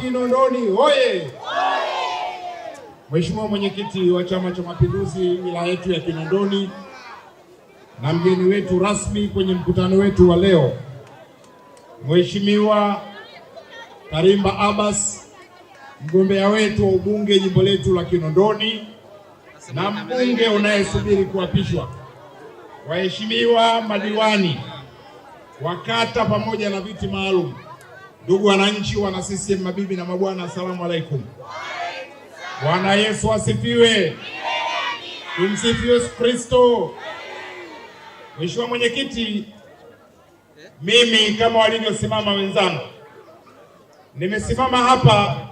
Kinondoni oye Mheshimiwa mwenyekiti wa Chama cha Mapinduzi wilaya yetu ya Kinondoni na mgeni wetu rasmi kwenye mkutano wetu wa leo, Mheshimiwa Karimba Abbas, mgombea wetu wa ubunge jimbo letu la Kinondoni na mbunge unayesubiri kuapishwa, waheshimiwa madiwani wakata pamoja na viti maalum Ndugu wananchi, wana CCM, mabibi na mabwana, asalamu alaikum. Bwana Yesu asifiwe. Tumsifu Yesu Kristo. Mheshimiwa Mwenyekiti, mimi kama walivyosimama wenzangu, nimesimama hapa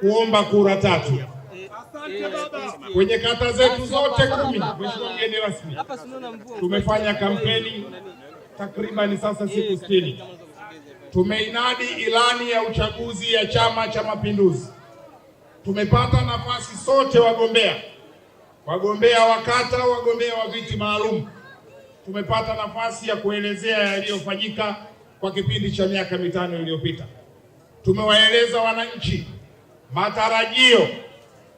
kuomba kura tatu kwenye kata zetu zote kumi. Mheshimiwa mgeni rasmi, tumefanya kampeni takribani sasa siku sitini. Tumeinadi ilani ya uchaguzi ya Chama cha Mapinduzi. Tumepata nafasi sote wagombea, wagombea wa kata, wagombea wa viti maalum, tumepata nafasi ya kuelezea yaliyofanyika kwa kipindi cha miaka mitano iliyopita. Tumewaeleza wananchi matarajio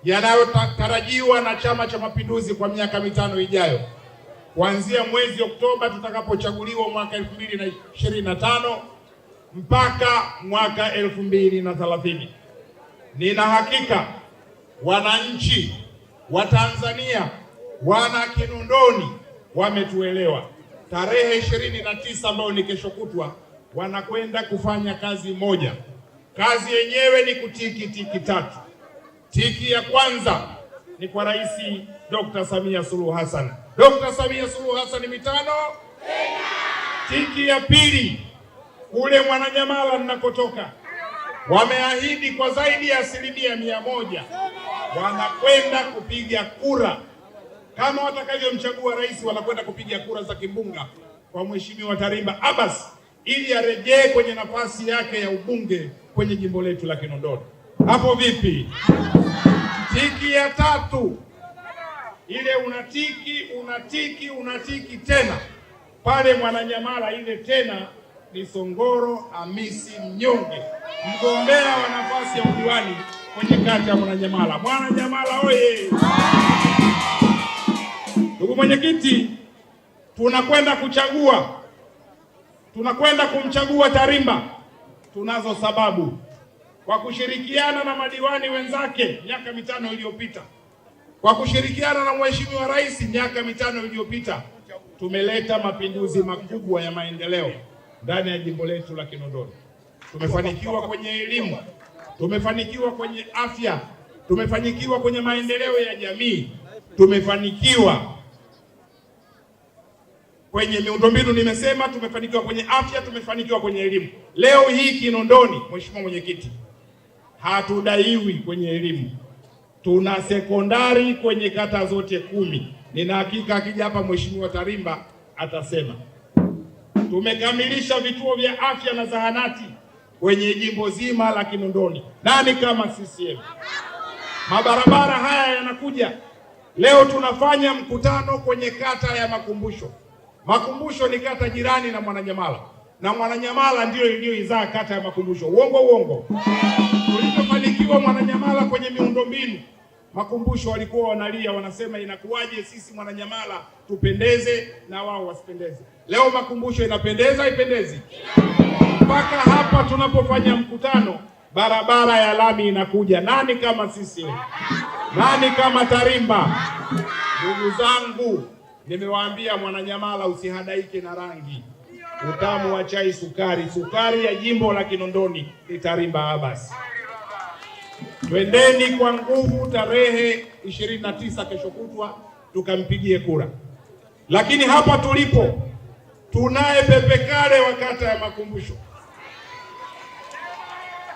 yanayotarajiwa na Chama cha Mapinduzi kwa miaka mitano ijayo, kuanzia mwezi Oktoba tutakapochaguliwa mwaka 2025 mpaka mwaka elfu mbili na thelathini. Nina hakika wananchi wa Tanzania wana Kinondoni wametuelewa. Tarehe ishirini na tisa ambayo ni kesho kutwa, wanakwenda kufanya kazi moja. Kazi yenyewe ni kutiki tiki tatu. Tiki ya kwanza ni kwa Rais Dr. Samia Suluhu Hassan. Dr. Samia Suluhu Hassan mitano Tiki ya pili kule Mwananyamala ninakotoka wameahidi kwa zaidi ya asilimia mia moja wanakwenda kupiga kura kama watakavyomchagua rais, wanakwenda kupiga kura za kimbunga kwa Mheshimiwa Tarimba Abbas ili arejee kwenye nafasi yake ya ubunge kwenye jimbo letu la Kinondoni. Hapo vipi? Tiki ya tatu ile unatiki unatiki unatiki tena pale Mwananyamala ile tena ni Songoro Hamisi Mnyonge, mgombea wa nafasi ya udiwani kwenye kata ya Mwananyamala. Mwananyamala oye! Ndugu mwenyekiti, tunakwenda kuchagua, tunakwenda kumchagua Tarimba. Tunazo sababu kwa kushirikiana na madiwani wenzake miaka mitano iliyopita, kwa kushirikiana na Mheshimiwa Rais miaka mitano iliyopita, tumeleta mapinduzi makubwa ya maendeleo ndani ya jimbo letu la Kinondoni. Tumefanikiwa kwenye elimu, tumefanikiwa kwenye afya, tumefanikiwa kwenye maendeleo ya jamii, tumefanikiwa kwenye miundombinu, nimesema tumefanikiwa kwenye afya, tumefanikiwa kwenye elimu. Leo hii Kinondoni, Mheshimiwa Mwenyekiti, hatudaiwi kwenye elimu. Tuna sekondari kwenye kata zote kumi. Nina hakika akija hapa Mheshimiwa Tarimba atasema tumekamilisha vituo vya afya na zahanati kwenye jimbo zima la Kinondoni. Nani kama CCM? Mabarabara haya yanakuja. Leo tunafanya mkutano kwenye kata ya Makumbusho. Makumbusho ni kata jirani na Mwananyamala, na Mwananyamala ndiyo iliyoizaa kata ya Makumbusho. Uongo uongo? Tulipofanikiwa Mwananyamala kwenye miundombinu Makumbusho walikuwa wanalia, wanasema inakuwaje sisi Mwananyamala tupendeze na wao wasipendeze. Leo Makumbusho inapendeza, ipendezi Mpaka hapa tunapofanya mkutano, barabara ya lami inakuja. Nani kama sisi? Nani kama Tarimba? Ndugu zangu, nimewaambia Mwananyamala usihadaike na rangi, utamu wa chai sukari. Sukari ya jimbo la Kinondoni ni Tarimba Abasi. Twendeni kwa nguvu tarehe 29 kesho kutwa tukampigie kura. Lakini hapa tulipo tunaye Pepe Kale wa kata ya Makumbusho,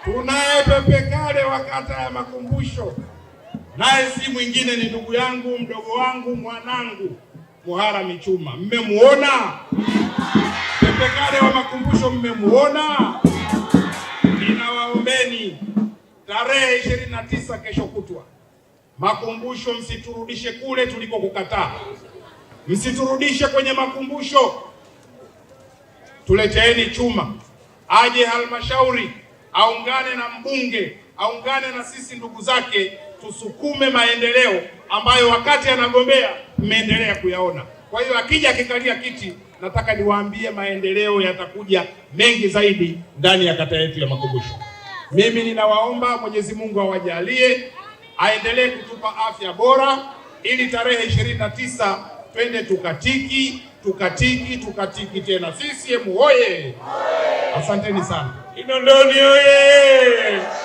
tunaye Pepe Kale wa kata ya Makumbusho, naye si mwingine ni ndugu yangu mdogo wangu mwanangu Muhara Michuma. Mmemuona Pepe Kale wa Makumbusho? Mmemuona? Ninawaombeni tarehe ishirini na tisa kesho kutwa. Makumbusho msiturudishe kule tulikokukataa, msiturudishe kwenye makumbusho. Tuleteeni chuma, aje halmashauri, aungane na mbunge, aungane na sisi ndugu zake, tusukume maendeleo ambayo wakati anagombea mmeendelea kuyaona. Kwa hiyo akija akikalia kiti, nataka niwaambie maendeleo yatakuja mengi zaidi ndani ya kata yetu ya Makumbusho. Mimi ninawaomba Mwenyezi Mungu awajalie, aendelee kutupa afya bora, ili tarehe ishirini na tisa twende tukatiki tukatiki tukatiki tena. CCM oye! Asanteni sana. Kinondoni oye!